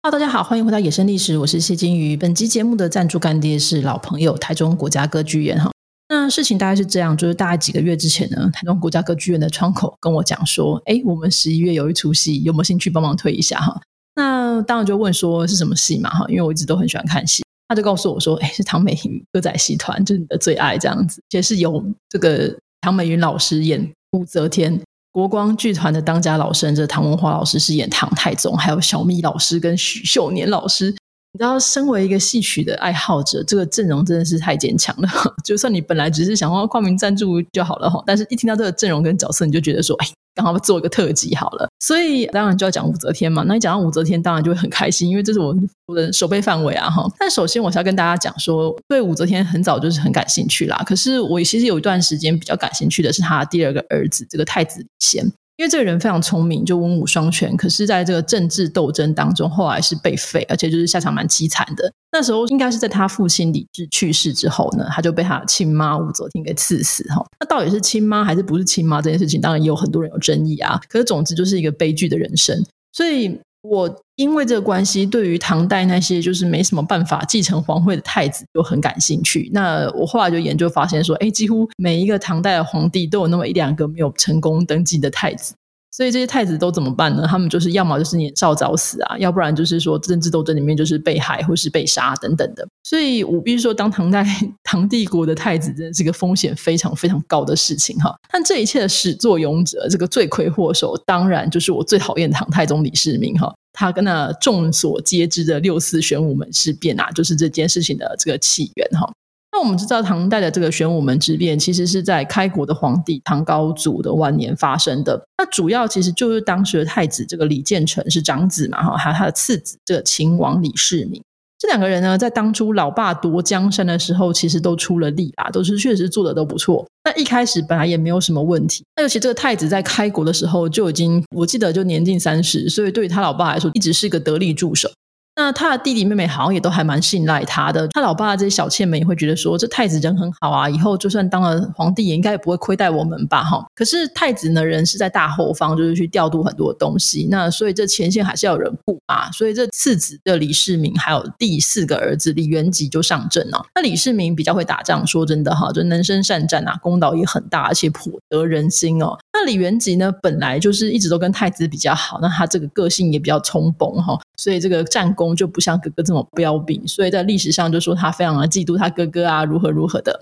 Hello, 大家好，歡迎回到《野生歷史》，我是謝金魚。本集節目的贊助乾爹是老朋友台中國家歌劇院哈。那事情大概是這樣，就是大概幾個月之前呢，台中國家歌劇院的窗口跟我講說，誒我們十一月有一出戲，有沒有興趣幫忙推一下哈？那當然就問說是什麼戲嘛哈，因為我一直都很喜歡看戲，他就告訴我說，誒是唐美雲歌仔戲團，就是你的最愛這樣子，其實是由這個唐美雲老師演武則天。國光劇團的當家老生，這唐文華老師飾演唐太宗，還有小咪老師跟許秀年老師。然後，身為一個戲曲的愛好者，這個陣容真的是太堅強了。 就算你本來只是想要掛名贊助就好了哈，但是一聽到這個陣容跟角色，你就覺得說，哎，剛好做一個特輯好了。所以當然就要講武則天嘛。那你講到武則天，當然就會很開心，因為這是我的我的守備範圍啊哈。但首先我是要跟大家講說，對武則天很早就是很感興趣啦。可是我其實有一段時間比較感興趣的是他的第二個兒子，這個太子李賢。因為這個人非常聰明，就文武雙全，可是在這個政治鬥爭當中，後來是被廢，而且就是下場蠻淒慘的。那時候應該是在他父親李治去世之後呢，他就被他的親媽武則天給賜死哈。那到底是親媽還是不是親媽這件事情，當然也有很多人有爭議啊。可是總之就是一個悲劇的人生，所以。我因為這個關係，對於唐代那些就是沒什麼辦法繼承皇位的太子就很感興趣。那我後來就研究發現，說，哎，幾乎每一個唐代的皇帝都有那麼一兩個沒有成功登基的太子。所以這些太子都怎麼辦呢？他們就是要麼就是年少早死啊，要不然就是說政治鬥爭裡面就是被害或是被殺等等的。所以我必須說，當唐代唐帝國的太子真的是一個風險非常非常高的事情哈。但這一切的始作俑者，這個罪魁禍首，當然就是我最討厭唐太宗李世民哈。他跟那眾所皆知的六四玄武門事變啊，就是這件事情的這個起源哈。那我們知道，唐代的這個玄武門之變，其實是在開國的皇帝唐高祖的晚年發生的。那主要其實就是當時的太子這個李建成是長子嘛哈，還有他的次子這個秦王李世民。這兩個人呢，在當初老爸奪江山的時候，其實都出了力啊，都是確實做的都不錯。那一開始本來也沒有什麼問題。那尤其這個太子在開國的時候就已經，我記得就年近三十，所以對於他老爸來說，一直是個得力助手。那他的弟弟妹妹好像也都還蠻信賴他的，他老爸這些小妾們也會覺得說，這太子人很好啊，以後就算當了皇帝，也應該也不會虧待我們吧，哈。可是太子呢，人是在大後方，就是去調度很多東西，那所以這前線還是要有人顧啊。所以這次子的李世民，還有第四個兒子李元吉就上陣了。那李世民比較會打仗，說真的哈、哦，就能征善戰啊，功勞也很大，而且頗得人心哦。那李元吉呢，本來就是一直都跟太子比較好，那他這個個性也比較衝動哈。所以這個戰功就不像哥哥這麼彪炳，所以在歷史上就說他非常的嫉妒他哥哥啊，如何如何的。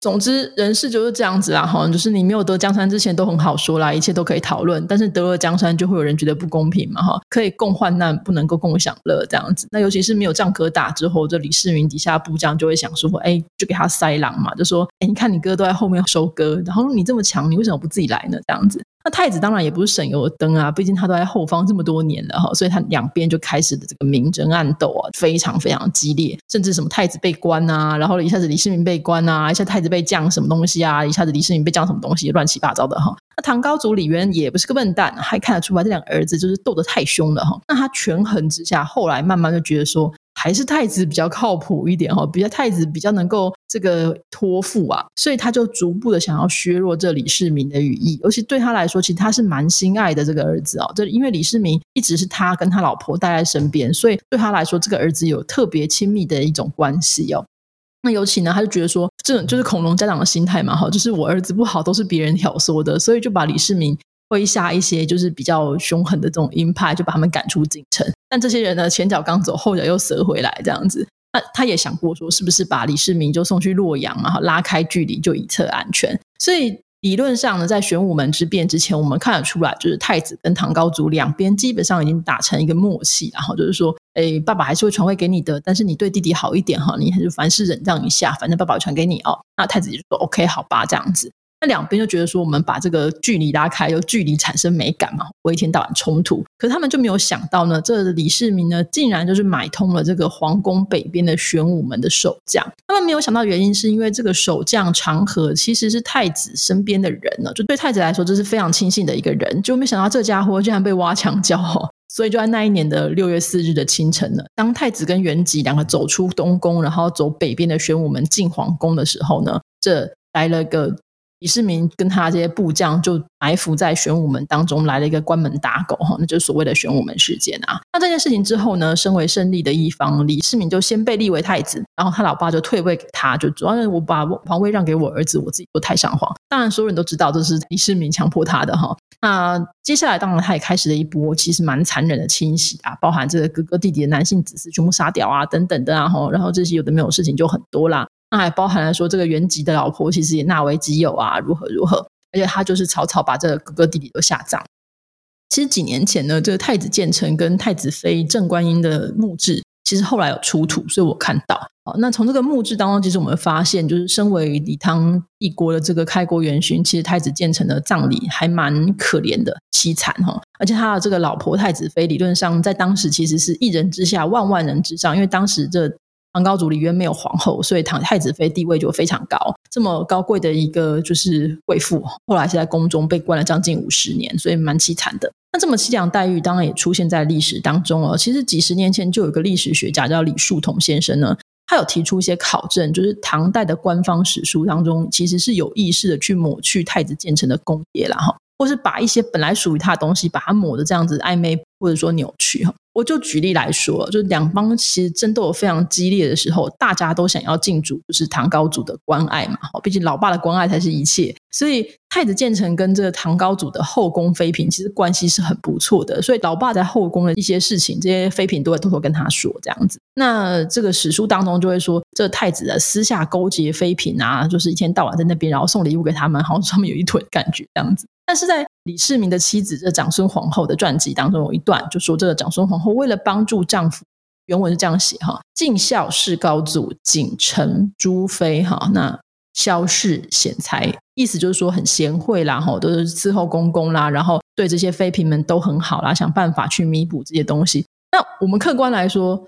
總之人事就是這樣子啊，好像就是你沒有得江山之前都很好說啦，一切都可以討論，但是得了江山就會有人覺得不公平嘛，哈，可以共患難，不能夠共享樂這樣子。那尤其是沒有仗可打之後，這李世民底下部將就會想說，哎，就給他塞狼嘛，就說，哎，你看你哥都在後面收割，然後你這麼強，你為什麼不自己來呢？這樣子。那太子當然也不是省油的燈啊，畢竟他都在後方這麼多年了哈，所以他兩邊就開始的這個明爭暗鬥啊，非常非常激烈，甚至什麼太子被關啊，然後一下子李世民被關啊，一下子太子被降什麼東西啊，一下子李世民被降什麼東西，亂七八糟的哈。那唐高祖李淵也不是個笨蛋，還看得出來這兩個兒子就是鬥得太凶了哈，那他權衡之下，後來慢慢就覺得說。還是太子比較靠譜一點、哦、比較太子比較能夠這個托付啊，所以他就逐步的想要削弱這李世民的羽翼。尤其對他來說，其實他是蠻心愛的這個兒子啊、哦。這因為李世民一直是他跟他老婆帶在身邊，所以對他來說，這個兒子有特別親密的一種關係哦。那尤其呢，他就覺得說，這種就是恐龍家長的心態嘛好，就是我兒子不好都是別人挑唆的，所以就把李世民。麾下一些就是比較兇狠的這種鷹派，就把他們趕出京城。但這些人呢，前腳剛走，後腳又折回來，這樣子。那他也想過說，是不是把李世民就送去洛陽然後拉開距離，就以策安全。所以理論上呢，在玄武門之變之前，我們看得出來，就是太子跟唐高祖兩邊基本上已經打成一個默契，然後就是說，哎、欸，爸爸還是會傳位給你的，但是你對弟弟好一點哈，你凡是凡事忍讓一下，反正爸爸傳給你哦。那太子就說，OK，好吧，這樣子。那兩邊就覺得說，我們把這個距離拉開，由距離產生美感嘛。我一天到晚衝突，可是他們就沒有想到呢。這李世民呢，竟然就是買通了這個皇宮北邊的玄武門的守將。他們沒有想到原因，是因為這個守將常何其實是太子身邊的人呢，就對太子來說這是非常親信的一個人。就沒想到這家伙竟然被挖牆腳哦。所以就在那一年的六月四日的清晨呢，當太子跟元吉兩個走出東宮，然後走北邊的玄武門進皇宮的時候呢，這來了個。李世民跟他這些部將就埋伏在玄武門當中，來了一個關門打狗哈，那就是所謂的玄武門事件啊。那這件事情之後呢，身為勝利的一方，李世民就先被立為太子，然後他老爸就退位給他，就主要就是我把皇位讓給我兒子，我自己做太上皇。當然所有人都知道這是李世民強迫他的哈。那接下來當然他也開始了一波其實蠻殘忍的清洗啊，包含這個哥哥弟弟的男性子嗣全部殺掉啊等等的啊哈，然後這些有的沒有事情就很多啦。那還包含了說，這個元吉的老婆其實也納為己有啊，如何如何。而且他就是草草把這個哥哥弟弟都下葬。其實幾年前呢，這個太子建成跟太子妃鄭觀音的墓志，其實後來有出土，所以我看到。好，那從這個墓志當中，其實我們發現，就是身為李唐帝國的這個開國元勳，其實太子建成的葬禮還蠻可憐的，淒慘哈。而且他的這個老婆太子妃，理論上在當時其實是一人之下，萬萬人之上，因為當時這唐高祖李淵沒有皇後，所以唐太子妃地位就非常高。這麼高貴的一個就是貴婦，後來是在宮中被關了將近五十年，所以蠻淒慘的。那這麼淒涼的待遇，當然也出現在歷史當中了哦。其實幾十年前就有一個歷史學家叫李樹桐先生呢，他有提出一些考證，就是唐代的官方史書當中，其實是有意識的去抹去太子建成的功業啦。哈，或是把一些本來屬於他的東西把它抹的這樣子曖昧。或者說扭曲哈，我就舉例來說，就兩方其實爭鬥非常激烈的時候，大家都想要進主，就是唐高祖的關愛嘛。畢竟老爸的關愛才是一切，所以太子建成跟這個唐高祖的後宮妃嬪其實關係是很不錯的。所以老爸在後宮的一些事情，這些妃嬪都會偷偷跟他說這樣子。那這個史書當中就會說，這太子的私下勾結妃嬪啊，就是一天到晚在那邊，然後送禮物給他們，好像他們有一腿感覺這樣子。但是在李世民的妻子這個、長孫皇後的傳記當中有一段，就說這個長孫皇后為了幫助丈夫，原文是這樣寫哈：盡孝事高祖，謹承諸妃哈，那孝事賢才，意思就是說很賢惠啦，吼，都是伺候公公啦，然後對這些妃嬪們都很好啦，想辦法去彌補這些東西。那我們客觀來說。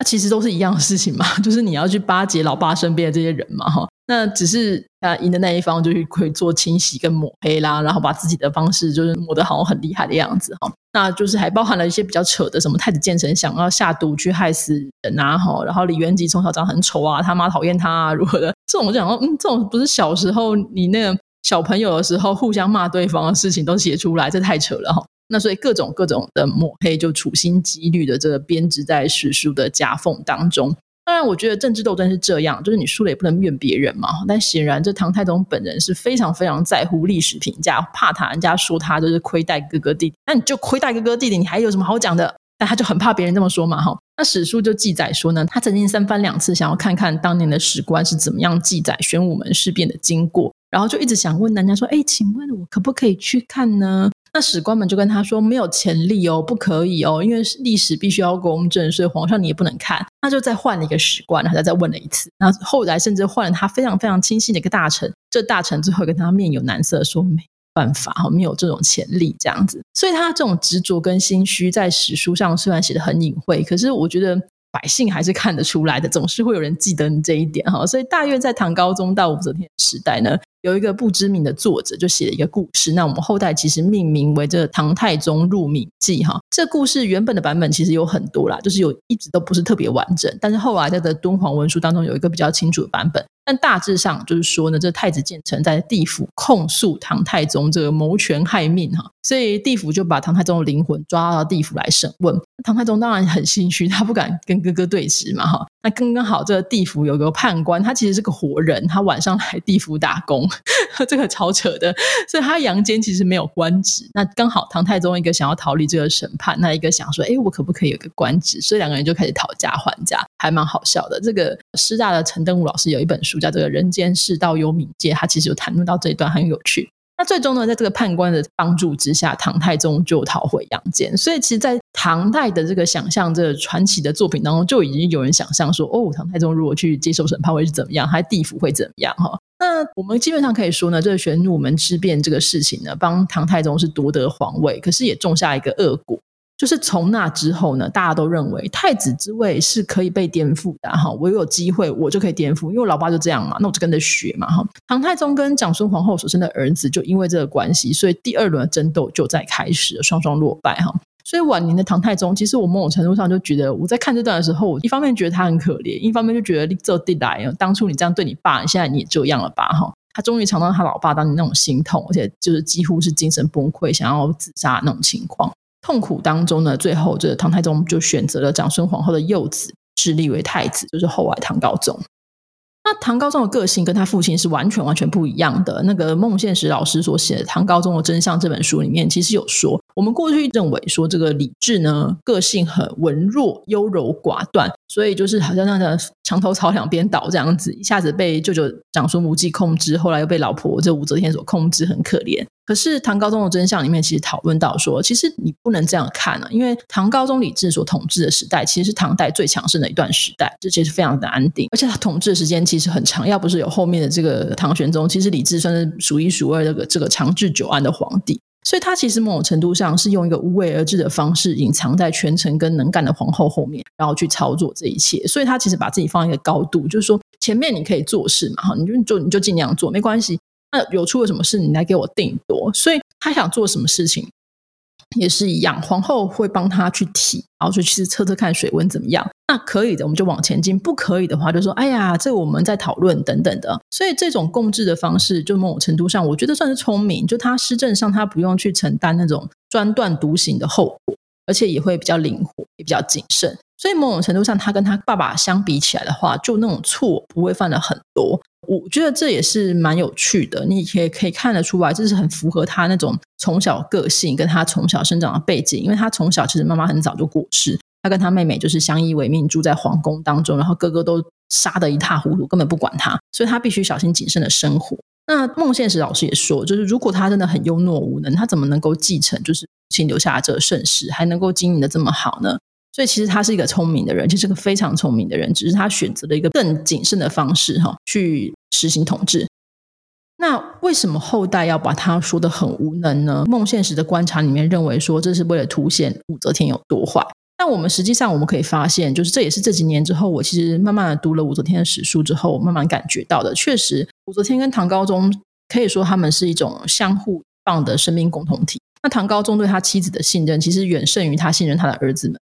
那其實都是一樣的事情嘛，就是你要去巴結老爸身邊的這些人嘛，哈。那只是啊贏的那一方就可以做清洗跟抹黑啦，然後把自己的方式就是抹得好像很厲害的樣子，哈。那就是還包含了一些比較扯的，什麼太子建成想要下毒去害死人啊，哈。然後李元吉從小長很醜啊，他媽討厭他啊，如何的？這種我就想說，嗯，這種不是小時候你那個小朋友的時候互相罵對方的事情都寫出來，這太扯了，哈。那所以各種各種的抹黑就處心積慮的這個編織在史書的夾縫當中。當然，我覺得政治鬥爭是這樣，就是你輸了也不能怨別人嘛。但顯然，這唐太宗本人是非常非常在乎歷史評價，怕他人家說他就是虧待哥哥弟弟。那你就虧待哥哥弟弟，你還有什麼好講的？那他就很怕別人這麼說嘛，哈。那史書就記載說呢，他曾經三番兩次想要看看當年的史官是怎麼樣記載玄武門事變的經過，然後就一直想問人家說：“哎，請問我可不可以去看呢？”那史官們就跟他說：“沒有前例哦，不可以哦，因為歷史必須要公正，所以皇上你也不能看。”那就再換了一個史官，他再，再問了一次。那後，後來甚至換了他非常非常親信的一個大臣，這大臣最後跟他面有難色的說：“沒辦法，沒有這種前例。”這樣子，所以他這種執着跟心虛在史書上雖然寫的很隱晦，可是我覺得百姓還是看得出來的，總是會有人記得你這一點哈。所以大約在唐高宗到武則天時代呢，有一個不知名的作者就寫了一個故事，那我們後代其實命名為這個《唐太宗入冥記》哈。這故事原本的版本其實有很多啦，就是有一直都不是特別完整，但是後來在的敦煌文書當中有一個比較清楚的版本。但大致上就是說呢，這太子建成在地府控訴唐太宗這個謀權害命哈，所以地府就把唐太宗的靈魂抓到地府來審問。唐太宗當然很心虛，他不敢跟哥哥對峙嘛哈。那剛剛好，這個地府有個判官，他其實是個活人，他晚上來地府打工，呵呵，這個超扯的。所以他陽間其實沒有官職，那剛好唐太宗一個想要逃離這個審判，那一個想說，哎、欸，我可不可以有個官職？所以兩個人就開始討價還價，還蠻好笑的。這個師大的陳登武老師有一本書主家》這個“人間世”到幽冥界，他其實有談論到這一段很有趣。那最終呢，在這個判官的幫助之下，唐太宗就逃回陽間。所以，其實，在唐代的這個想象這個、傳奇的作品當中，就已經有人想象說：“哦，唐太宗如果去接受審判會是怎麼樣？他的地府會怎麼樣？”哈，那我們基本上可以說呢，這個玄武門之變這個事情呢，幫唐太宗是奪得皇位，可是也種下一個惡果。就是從那之後呢，大家都認為太子之位是可以被顛覆的哈。我有機會，我就可以顛覆，因為我老爸就這樣嘛。那我就跟着學嘛哈。唐太宗跟長孫皇後所生的兒子，就因為這個關係，所以第二輪的爭鬥就在開始了，雙雙落敗哈。所以晚年的唐太宗，其實我某種程度上就覺得，我在看這段的時候，我一方面覺得他很可憐，一方面就覺得這地來，當初你這樣對你爸，你現在你也這樣了吧哈。他終於嘗到他老爸當年那種心痛，而且就是幾乎是精神崩潰，想要自殺那種情況。痛苦當中呢，最後這個唐太宗就選擇了長孫皇後的幼子治，立為太子，就是後來唐高宗。那唐高宗的個性跟他父親是完全完全不一樣的。那個孟憲實老師所寫的《唐高宗的真相》這本書裡面，其實有說，我們過去認為說這個李治呢，個性很文弱、優柔寡斷，所以就是好像那個牆頭草兩邊倒這樣子，一下子被舅舅長孫無忌控制，後來又被老婆這武則天所控制，很可憐。可是唐高宗的真相裡面，其實討論到說，其實你不能這樣看啊，因為唐高宗李治所統治的時代，其實是唐代最強盛的一段時代，這其實是非常的安定，而且他統治的時間其實很長。要不是有後面的這個唐玄宗，其實李治算是數一數二這個這個長治久安的皇帝。所以他其實某種程度上是用一個無為而治的方式，隱藏在權臣跟能幹的皇后後面，然後去操作這一切。所以他其實把自己放一個高度，就是說前面你可以做事嘛，哈，你就你就盡量做，沒關係。那有出了什麼事，你來給我定奪。所以他想做什麼事情也是一樣，皇後會幫他去提，然後就去測測看水溫怎麼樣。那可以的，我們就往前進；不可以的話，就說哎呀，這我們在討論等等的。所以這種共治的方式，就某種程度上，我覺得算是聰明。就他施政上，他不用去承擔那種專斷獨行的後果，而且也會比較靈活，也比較謹慎。所以某種程度上，他跟他爸爸相比起來的話，就那種錯不會犯了很多。我覺得這也是蠻有趣的，你也可以看得出來，這是很符合他那種從小個性，跟他從小生長的背景。因為他從小其實媽媽很早就過世，他跟他妹妹就是相依為命，住在皇宮當中，然後哥哥都殺得一塌糊塗，根本不管他，所以他必須小心謹慎的生活。那孟憲實老師也說，就是如果他真的很庸懦無能，他怎麼能夠繼承就是父親留下這個盛世，還能夠經營得這麼好呢？所以其實他是一個聰明的人，就是個非常聰明的人，只是他選擇了一個更謹慎的方式哈，去實行統治。那為什麼後代要把他說得很無能呢？孟憲實的觀察裡面認為說，這是為了凸顯武則天有多壞。但我們實際上我們可以發現，就是這也是這幾年之後，我其實慢慢的讀了武則天的史書之後，我慢慢感覺到的。確實，武則天跟唐高宗可以說他們是一種相互綁的生命共同體。那唐高宗對他妻子的信任，其實遠勝於他信任他的兒子們。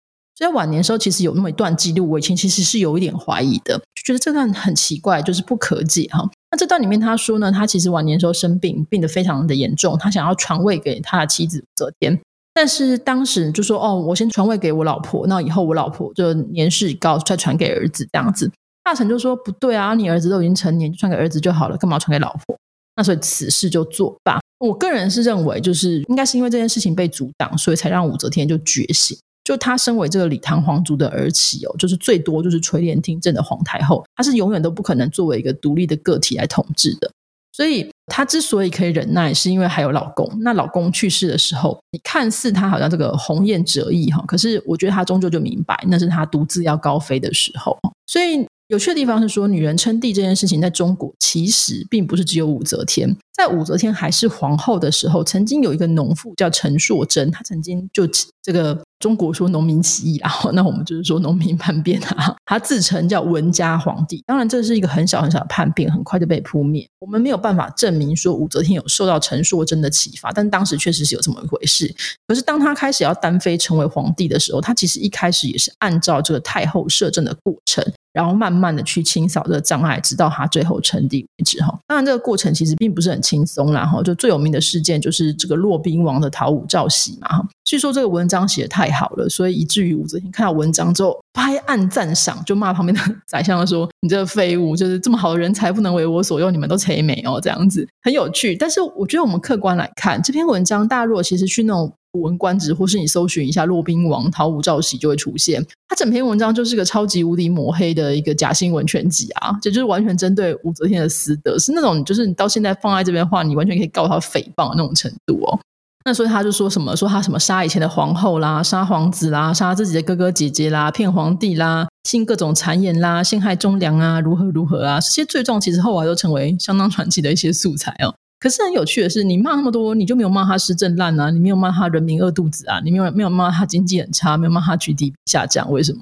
在晚年時候，其實有那麼一段記錄，我以前其實是有一點懷疑的，就覺得這段很奇怪，就是不可解哈、哦。那這段裡面他說呢，他其實晚年時候生病，病得非常的嚴重，他想要傳位給他的妻子武則天，但是當時就說哦，我先傳位給我老婆，那以後我老婆就年事已高，再傳給兒子這樣子。大臣就說不對啊，你兒子都已經成年，傳給兒子就好了，幹嘛傳給老婆？那所以此事就作罷。我個人是認為，就是應該是因為這件事情被阻擋，所以才讓武則天就覺醒。就她身為這個李唐皇族的兒媳哦，就是最多就是垂簾聽政的皇太後，她是永遠都不可能作為一個獨立的個體來統治的。所以她之所以可以忍耐，是因為還有老公。那老公去世的時候，你看似她好像這個鴻雁折翼哈，可是我覺得她終究就明白，那是她獨自要高飛的時候。所以有趣的地方是說，女人稱帝這件事情在中國其實並不是只有武則天。在武則天還是皇後的時候，曾經有一個農婦叫陳碩真。她曾經就這個。中國說農民起義啊，然後那我們就是說農民叛變啊，他自稱叫文家皇帝。當然，這是一個很小很小的叛變，很快就被撲滅。我們沒有辦法證明說武則天有受到陳碩真的啟發，但當時確實是有這麼一回事。可是，當他開始要單飛成為皇帝的時候，他其實一開始也是按照這個太后攝政的過程。然後慢慢的去清掃這個障礙，直到他最後稱帝為止哈。當然這個過程其實並不是很輕鬆啦哈。就最有名的事件就是這個駱賓王的《討武曌檄》嘛哈。據說這個文章寫得太好了，所以以至於武則天看到文章之後拍案讚賞，就罵旁邊的宰相說：“你這廢物，就是這麼好的人才不能為我所用，你們都吹美哦。”這樣子很有趣。但是我覺得我們客觀來看這篇文章，大家如果其實去那種。古文觀止或是你搜尋一下駱賓王、討武曌檄就會出現。他整篇文章就是個超級無敵抹黑的一個假新聞全集啊！這就是完全針對武則天的私德，是那種就是你到現在放在這邊的話，你完全可以告他誹謗的那種程度哦。那所以他就說什麼說他什麼殺以前的皇後啦，殺皇子啦，殺自己的哥哥姐姐啦，騙皇帝啦，信各種讒言啦，陷害忠良啊，如何如何啊？這些罪狀其實後來都成為相當傳奇的一些素材哦。可是很有趣的是，你罵那麼多，你就沒有罵他施政爛啊，你沒有罵他人民餓肚子啊，你沒有沒有罵他經濟很差，沒有罵他 GDP 下降，為什麼？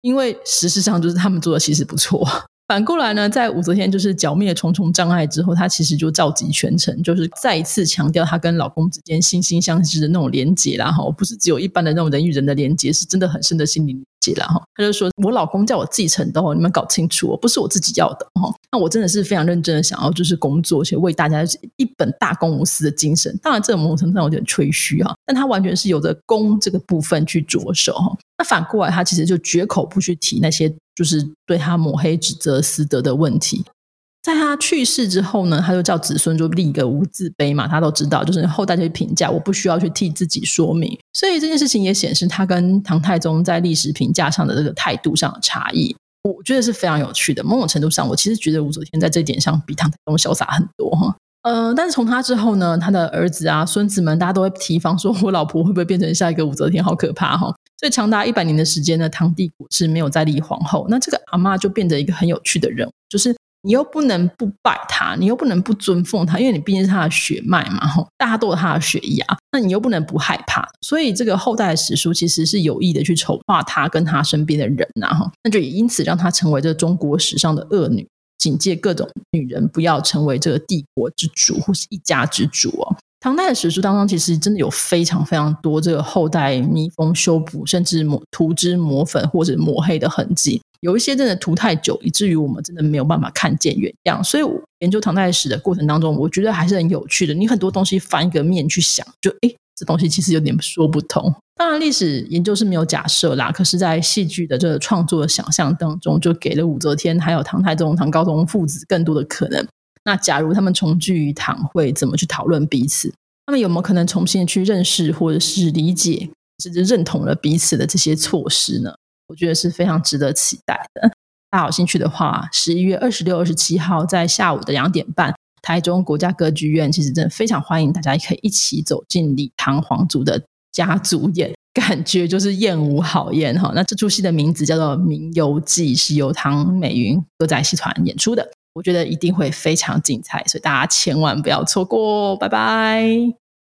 因為事實上就是他們做的其實不錯。反過來呢，在武則天就是剿滅重重障礙之後，她其實就召集全城，就是再一次強調她跟老公之間惺惺相惜的那種連結啦，哈，不是只有一般的那種人與人的連結，是真的很深的心靈。姐了哈，他就說，我老公叫我繼承的哦，你們搞清楚，不是我自己要的哈。那我真的是非常認真的想要就是工作，而且為大家一本大公無私的精神。當然，這個某種程度有點吹噓哈，但他完全是有着公這個部分去着手。那反過來，他其實就絕口不去提那些就是對他抹黑、指責私德的問題。在他去世之後呢，他就叫子孫就立一個無字碑嘛，他都知道，就是後代這些評價，我不需要去替自己說明。所以這件事情也顯示他跟唐太宗在歷史評價上的這個態度上的差異，我覺得是非常有趣的。某種程度上，我其實覺得武則天在這一點上比唐太宗瀟灑很多。呃、嗯，但是從他之後呢，他的兒子啊、孫子們，大家都會提防，說我老婆會不會變成下一個武則天，好可怕哈！所以長達一百年的時間呢，唐帝國是沒有再立皇後，那這個阿嬤就變成一個很有趣的人物，就是。你又不能不拜他，你又不能不尊奉他，因為你畢竟是他的血脈嘛，吼，大家都有他的血液，啊，那你又不能不害怕。所以這個後代的史書其實是有意的去醜化他跟他身邊的人，啊，吼，那就也因此讓他成為這個中國史上的惡女，警戒各種女人不要成為這個帝國之主或是一家之主哦。唐代的史書當中，其實真的有非常非常多這個後代彌縫修補，甚至抹塗脂抹粉或者抹黑的痕迹。有一些真的塗太久，以至於我們真的沒有辦法看見原樣。所以我研究唐代史的過程當中，我覺得還是很有趣的。你很多東西翻一個面去想，就哎，這東西其實有點說不通。當然，歷史研究是沒有假設啦。可是，在戲劇的這個創作的想象當中，就給了武則天還有唐太宗、唐高宗父子更多的可能。那假如他們重聚一堂，會怎麼去討論彼此？他們有沒有可能重新去認識或者是理解甚至認同了彼此的這些措施呢？我覺得是非常值得期待的。大家有興趣的話，十一月二十六、二十七號在下午的兩點半，台中國家歌劇院其實真的非常歡迎大家，可以一起走進李唐皇族的家族宴，感覺就是宴無好宴。哈。那這出戲的名字叫做《冥遊記》，是由唐美雲歌仔戲團演出的，我覺得一定會非常精彩，所以大家千萬不要錯過。拜拜。